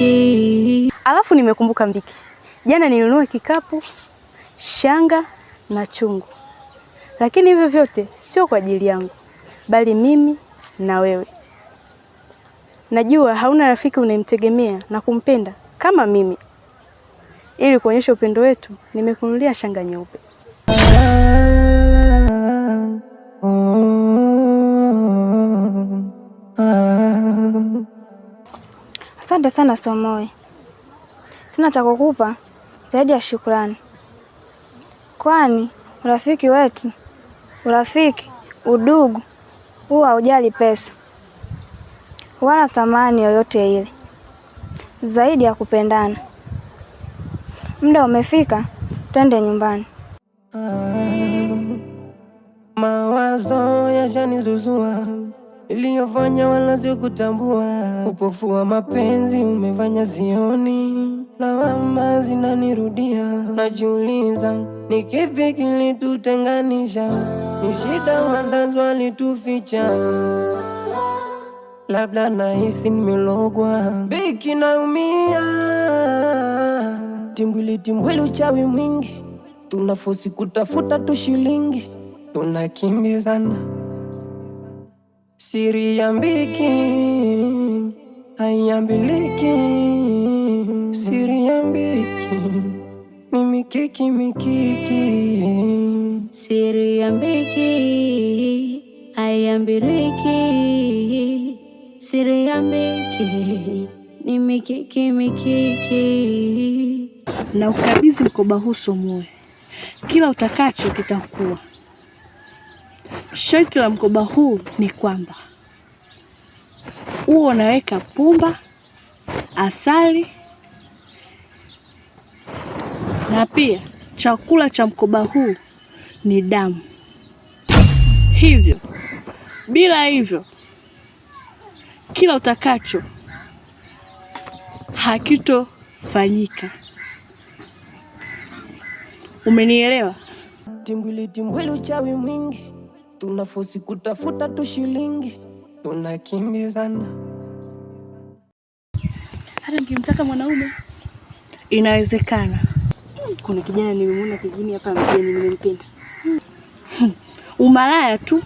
Mbiki. Alafu nimekumbuka Mbiki, jana nilinunua kikapu, shanga na chungu, lakini hivyo vyote sio kwa ajili yangu, bali mimi na wewe. Najua hauna rafiki unayemtegemea na kumpenda kama mimi. Ili kuonyesha upendo wetu, nimekunulia shanga nyeupe. Asante sana Somoe, sina cha kukupa zaidi ya shukrani, kwani urafiki wetu, urafiki, udugu huwa haujali pesa wala thamani yoyote ile zaidi ya kupendana. Muda umefika, twende nyumbani. Ah, mawazo yashanizuzua iliyofanya wala sio kutambua. Upofu wa mapenzi umefanya sioni, lawama zinanirudia. Najiuliza ni kipi kilitutenganisha, ni shida wazazi walituficha Labda nahisi nimelogwa, biki naumia, timbwili timbwili, uchawi mwingi, tunafosi kutafuta tu shilingi, tunakimbizana Siri ya mbiki haiambiliki, siri ya mbiki ni mikiki mikiki, siri ya haiambiliki, siri ya ni mikiki mikiki. Na ukabidhi mkoba huu Somoyo, kila utakacho kitakuwa Sharti la mkoba huu ni kwamba huo unaweka pumba, asali na pia chakula cha mkoba huu ni damu. Hivyo bila hivyo, kila utakacho hakitofanyika. Umenielewa? Timbwili timbwili, uchawi mwingi tunafosi kutafuta tu shilingi, tunakimbizana. Hata mkimtaka mwanaume inawezekana. Kuna kijana nimemwona kijini hapa mjini, nimempenda. Hmm. Umalaya tu